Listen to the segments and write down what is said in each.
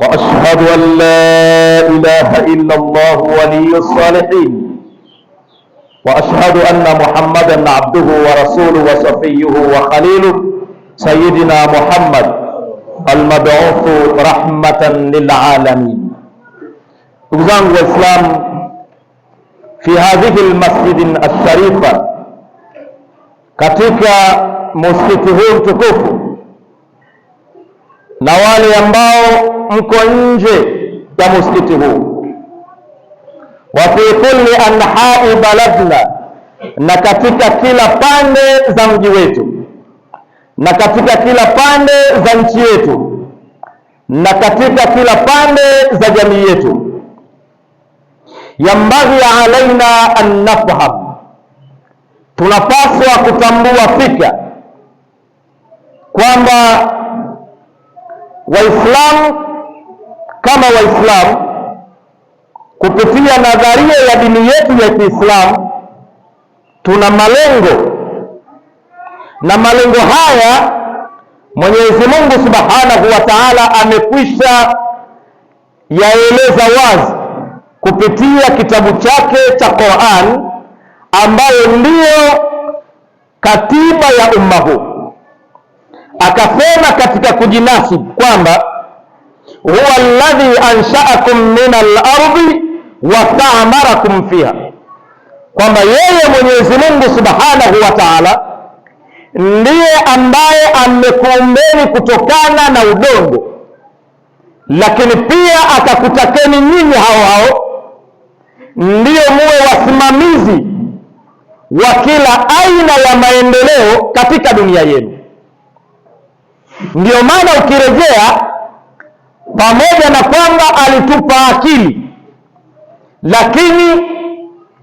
وأشهد أن لا إله إلا الله ولي الصالحين وأشهد أن محمدا عبده ورسوله وصفيه وخليله سيدنا محمد المبعوث رحمة للعالمين أبزان الإسلام في هذه المسجد الشريفة كتك مسجده تكفر na wale ambao mko nje ya msikiti huu. Wa fi kulli anhai baladna, na katika kila pande za mji wetu, na katika kila pande za nchi yetu, na katika kila pande za jamii yetu. Yambaghi alaina an nafham, tunapaswa kutambua fika kwamba Waislamu kama Waislamu kupitia nadharia ya dini yetu ya Kiislamu tuna malengo, na malengo haya Mwenyezi Mungu Subhanahu wa Ta'ala amekwisha yaeleza wazi kupitia kitabu chake cha Qur'an ambayo ndiyo katiba ya umma huu akasema katika kujinasib kwamba huwa alladhi anshaakum min al-ardi fiha, kwamba yeye Mwenyezi Mungu Subhanahu wa Ta'ala ndiye ambaye amekuumbeni kutokana na udongo, lakini pia akakutakeni nyinyi hao hao ndiyo muwe wasimamizi wa kila aina ya maendeleo katika dunia yenu ndio maana ukirejea, pamoja na kwamba alitupa akili, lakini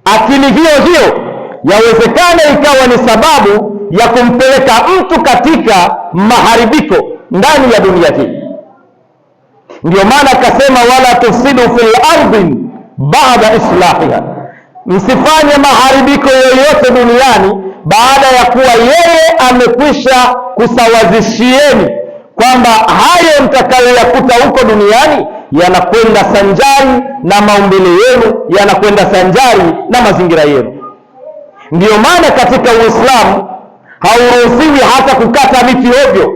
akili hiyo hiyo yawezekana ikawa ni sababu ya kumpeleka mtu katika maharibiko ndani ya dunia hii. ndio maana akasema, wala tufsidu fil ardi ba'da islahiha msifanye maharibiko yoyote duniani baada ya kuwa yeye amekwisha kusawazishieni kwamba hayo mtakayoyakuta huko duniani yanakwenda sanjari na maumbile yenu, yanakwenda sanjari na mazingira yenu. Ndiyo maana katika Uislamu hauruhusiwi hata kukata miti ovyo,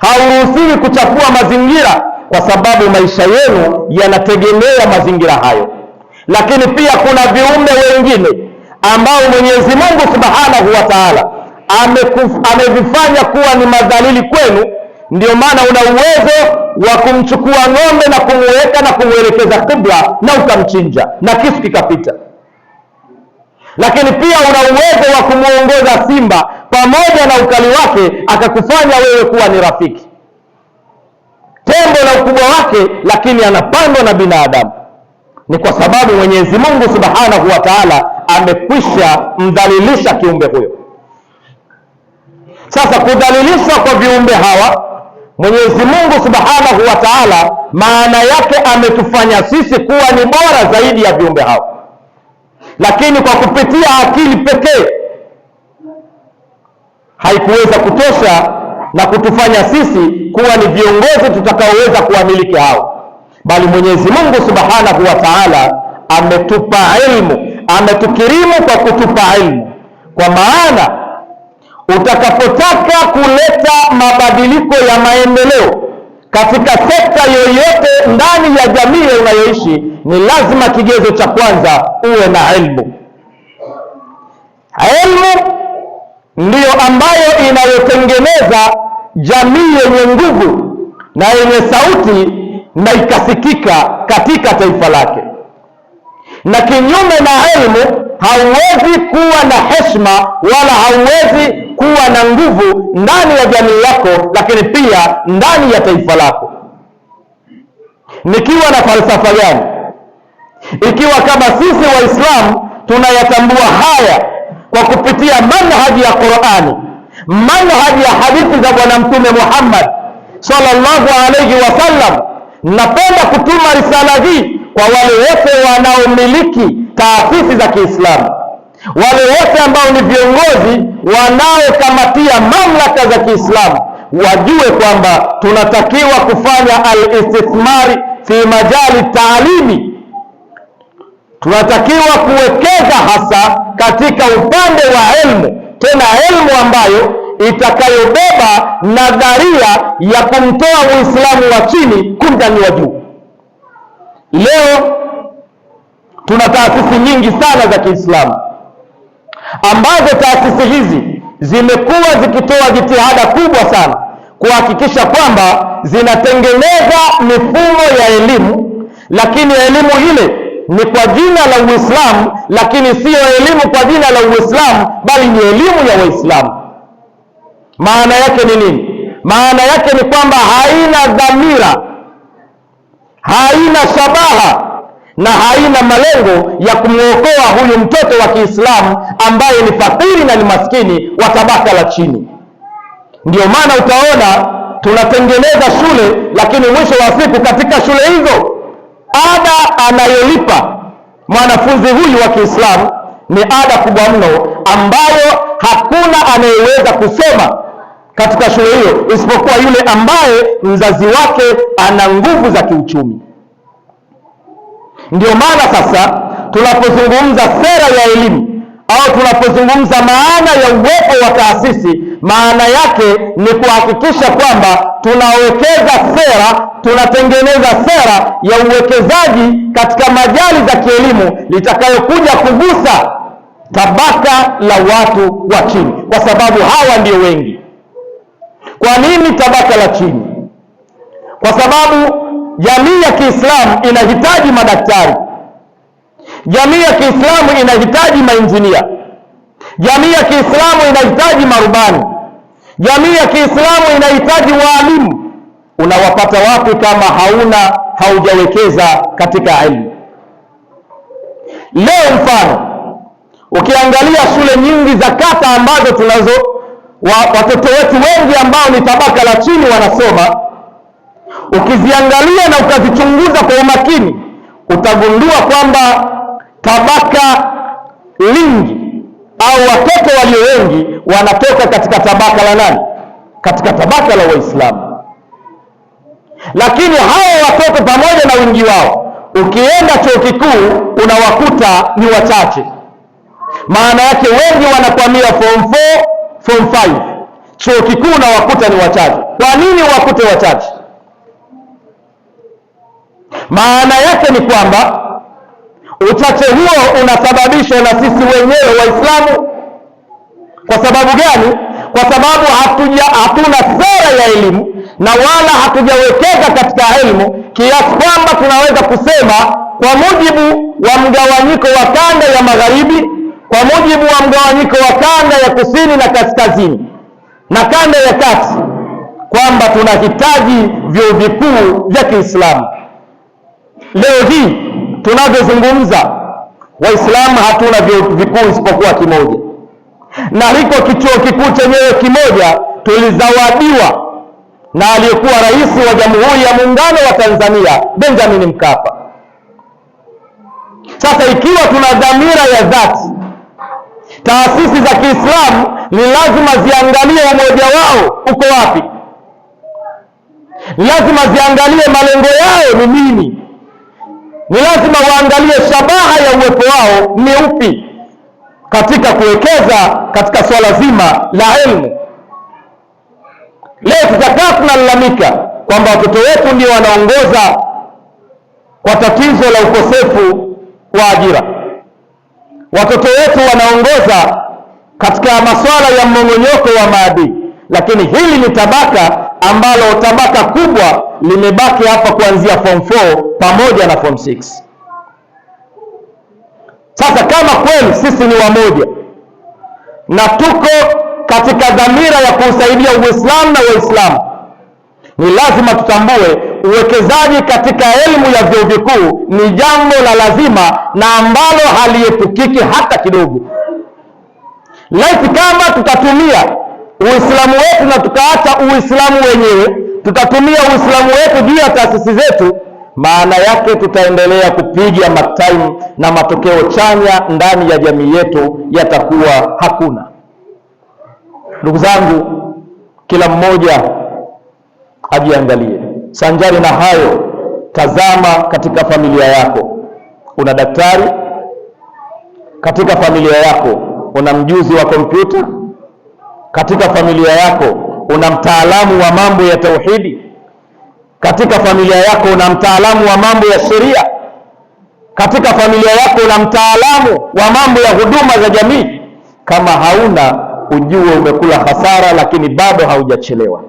hauruhusiwi kuchafua mazingira, kwa sababu maisha yenu yanategemea mazingira hayo lakini pia kuna viumbe wengine ambao Mwenyezi Mungu Subhanahu wa Ta'ala amevifanya kuwa ni madhalili kwenu. Ndio maana una uwezo wa kumchukua ng'ombe na kumuweka na kumwelekeza kibla na ukamchinja na kisu kikapita, lakini pia una uwezo wa kumwongoza simba pamoja na ukali wake akakufanya wewe kuwa ni rafiki tembo na ukubwa wake, lakini anapandwa na binadamu ni kwa sababu Mwenyezi Mungu Subhanahu wa Ta'ala amekwisha mdhalilisha kiumbe huyo. Sasa kudhalilishwa kwa viumbe hawa Mwenyezi Mungu Subhanahu wa Ta'ala, maana yake ametufanya sisi kuwa ni bora zaidi ya viumbe hawa, lakini kwa kupitia akili pekee haikuweza kutosha na kutufanya sisi kuwa ni viongozi tutakaoweza kuwamiliki hao bali Mwenyezi Mungu Subhanahu wa Ta'ala ametupa ilmu, ametukirimu kwa kutupa ilmu, kwa maana utakapotaka kuleta mabadiliko ya maendeleo katika sekta yoyote ndani ya jamii unayoishi, ni lazima kigezo cha kwanza uwe na ilmu. Ilmu ndiyo ambayo inayotengeneza jamii yenye nguvu na yenye sauti na ikasikika katika taifa lake. Na kinyume na elimu, hauwezi kuwa na heshima wala hauwezi kuwa na nguvu ndani ya jamii yako, lakini pia ndani ya taifa lako. Nikiwa na falsafa gani? Ikiwa kama sisi Waislamu tunayatambua haya kwa kupitia manhaji ya Qur'ani, manhaji ya hadithi za Bwana Mtume Muhammad sallallahu alayhi wasallam Napenda kutuma risala hii kwa wale wote wanaomiliki taasisi za Kiislamu, wale wote ambao ni viongozi wanaokamatia mamlaka za Kiislamu wajue kwamba tunatakiwa kufanya alistithmari fi majali taalimi, tunatakiwa kuwekeza hasa katika upande wa elmu tena elmu ambayo itakayobeba nadharia ya kumtoa Muislamu wa chini kumnyanyua juu. Leo tuna taasisi nyingi sana za Kiislamu ambazo taasisi hizi zimekuwa zikitoa jitihada kubwa sana kuhakikisha kwamba zinatengeneza mifumo ya elimu, lakini elimu ile ni kwa jina la Uislamu, lakini siyo elimu kwa jina la Uislamu, bali ni elimu ya Waislamu. Maana yake ni nini? Maana yake ni kwamba haina dhamira, haina shabaha na haina malengo ya kumwokoa huyu mtoto wa Kiislamu ambaye ni fakiri na ni maskini wa tabaka la chini. Ndio maana utaona tunatengeneza shule, lakini mwisho wa siku katika shule hizo ada anayolipa mwanafunzi huyu wa Kiislamu ni ada kubwa mno ambayo hakuna anayeweza kusema katika shule hiyo, isipokuwa yule ambaye mzazi wake ana nguvu za kiuchumi. Ndio maana sasa tunapozungumza sera ya elimu au tunapozungumza maana ya uwepo wa taasisi, maana yake ni kuhakikisha kwamba tunawekeza sera, tunatengeneza sera ya uwekezaji katika majali za kielimu litakayokuja kugusa tabaka la watu wa chini, kwa sababu hawa ndio wengi. Kwa nini tabaka la chini? Kwa sababu jamii ya Kiislamu inahitaji madaktari, jamii ya Kiislamu inahitaji mainjinia, jamii ya Kiislamu inahitaji marubani, jamii ya Kiislamu inahitaji waalimu. Unawapata wapi kama hauna haujawekeza katika elimu? Leo mfano ukiangalia shule nyingi za kata ambazo tunazo wa watoto wetu wengi ambao ni tabaka la chini wanasoma, ukiziangalia na ukazichunguza kwa umakini, utagundua kwamba tabaka lingi au watoto walio wengi wanatoka katika tabaka la nani? Katika tabaka la Waislamu. Lakini hawa watoto pamoja na wingi wao, ukienda chuo kikuu unawakuta ni wachache. Maana yake wengi wanakwamia form form 5 chuo kikuu na wakuta ni wachache. Kwa nini wakute wachache? Maana yake ni kwamba uchache huo unasababishwa na sisi wenyewe Waislamu. Kwa sababu gani? Kwa sababu hatuja hatuna sera ya elimu na wala hatujawekeza katika elimu, kiasi kwamba tunaweza kusema kwa mujibu wa mgawanyiko wa kanda ya magharibi kwa mujibu wa mgawanyiko wa kanda ya kusini na kaskazini na kanda ya kati kwamba tunahitaji vyuo vikuu vya Kiislamu. Leo hii tunavyozungumza, Waislamu hatuna vyuo vikuu isipokuwa kimoja, na hiko kichuo kikuu chenyewe kimoja tulizawadiwa na aliyekuwa rais wa Jamhuri ya Muungano wa Tanzania Benjamin Mkapa. Sasa ikiwa tuna dhamira ya dhati Taasisi za Kiislamu ni lazima ziangalie umoja wao uko wapi, ni lazima ziangalie malengo yao ni nini, ni lazima waangalie shabaha ya uwepo wao ni upi, katika kuwekeza katika swala zima la elimu. Leo tutakaa tunalalamika kwamba watoto wetu ndio wanaongoza kwa tatizo la ukosefu wa ajira watoto wetu wanaongoza katika masuala ya mmomonyoko wa maadili, lakini hili ni tabaka ambalo tabaka kubwa limebaki hapa kuanzia form 4 pamoja na form 6. Sasa kama kweli sisi ni wamoja na tuko katika dhamira ya kuusaidia Uislamu na Waislamu, ni lazima tutambue uwekezaji katika elimu ya vyuo vikuu ni jambo la lazima na ambalo haliepukiki hata kidogo. Laiti kama tutatumia Uislamu wetu na tukaacha Uislamu wenyewe, tutatumia Uislamu wetu juu ya taasisi zetu, maana yake tutaendelea kupiga mataimu na matokeo chanya ndani ya jamii yetu yatakuwa hakuna. Ndugu zangu, kila mmoja ajiangalie. Sanjari na hayo, tazama katika familia yako, una daktari katika familia yako, una mjuzi wa kompyuta katika familia yako, una mtaalamu wa mambo ya tauhidi katika familia yako, una mtaalamu wa mambo ya sheria katika familia yako, una mtaalamu wa mambo ya huduma za jamii. Kama hauna ujue umekula hasara, lakini bado haujachelewa.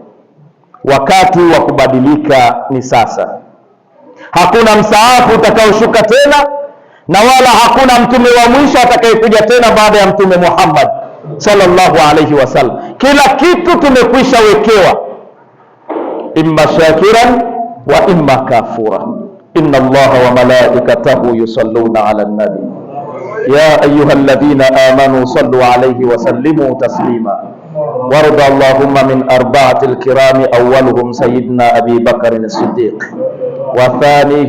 Wakati wa kubadilika ni sasa. Hakuna msaafu utakaoshuka tena na wala hakuna mtume wa mwisho atakayekuja tena baada ya Mtume Muhammad sallallahu alaihi wasallam. Kila kitu tumekwisha wekewa, imma shakiran wa imma kafura. Inna Allaha wa malaikatahu yusalluna ala nabi ya ayuha alladhina amanu sallu alaihi wasallimu taslima وارض اللهم من أربعة الكرام أولهم سيدنا أبي بكر الصديق وثاني